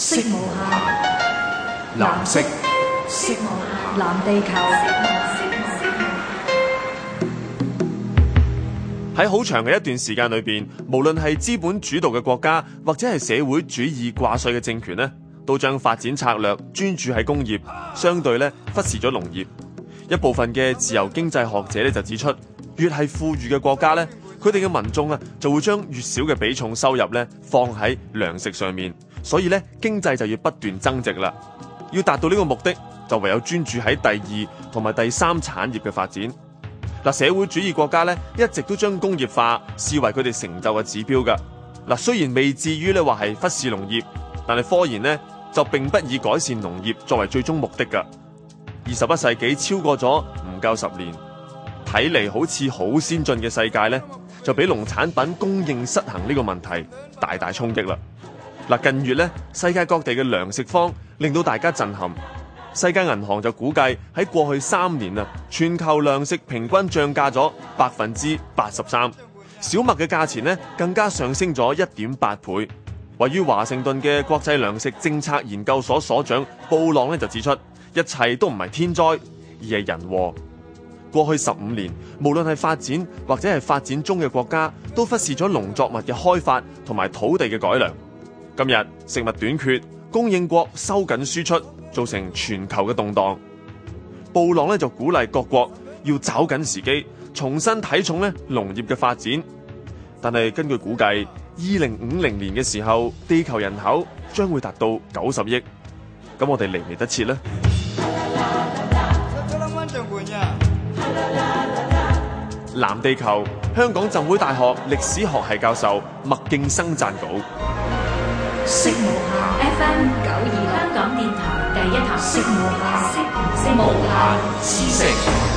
色無限，藍色，色無限，藍地球。喺好長嘅一段時間裏邊，無論係資本主導嘅國家，或者係社會主義掛帥嘅政權咧，都將發展策略專注喺工業，相對咧忽視咗農業。一部分嘅自由經濟學者咧就指出，越係富裕嘅國家咧，佢哋嘅民眾啊就會將越少嘅比重收入咧放喺糧食上面。所以咧，經濟就要不斷增值啦。要達到呢個目的，就唯有專注喺第二同埋第三產業嘅發展。嗱，社會主義國家咧一直都將工業化視為佢哋成就嘅指標㗎。嗱，雖然未至於咧話係忽視農業，但係科研呢，就並不以改善農業作為最終目的㗎。二十一世紀超過咗唔夠十年，睇嚟好似好先進嘅世界呢，就俾農產品供應失衡呢個問題大大衝擊啦。嗱，近月咧，世界各地嘅糧食荒令到大家震撼。世界銀行就估計喺過去三年啊，全球糧食平均漲價咗百分之八十三，小麥嘅價錢咧更加上升咗一點八倍。位於華盛頓嘅國際糧食政策研究所所長布朗咧就指出，一切都唔係天災，而係人禍。過去十五年，無論係發展或者係發展中嘅國家，都忽視咗農作物嘅開發同埋土地嘅改良。今日食物短缺，供應國收緊輸出，造成全球嘅動盪。布朗呢就鼓勵各國要找緊時機，重新睇重呢農業嘅發展。但係根據估計，二零五零年嘅時候，地球人口將會達到九十億。咁我哋嚟唔嚟得切呢？藍地球香港浸會大學歷史學系教授麥勁生撰稿。FM 九二香港電台第一台，識無限，識唔識無限，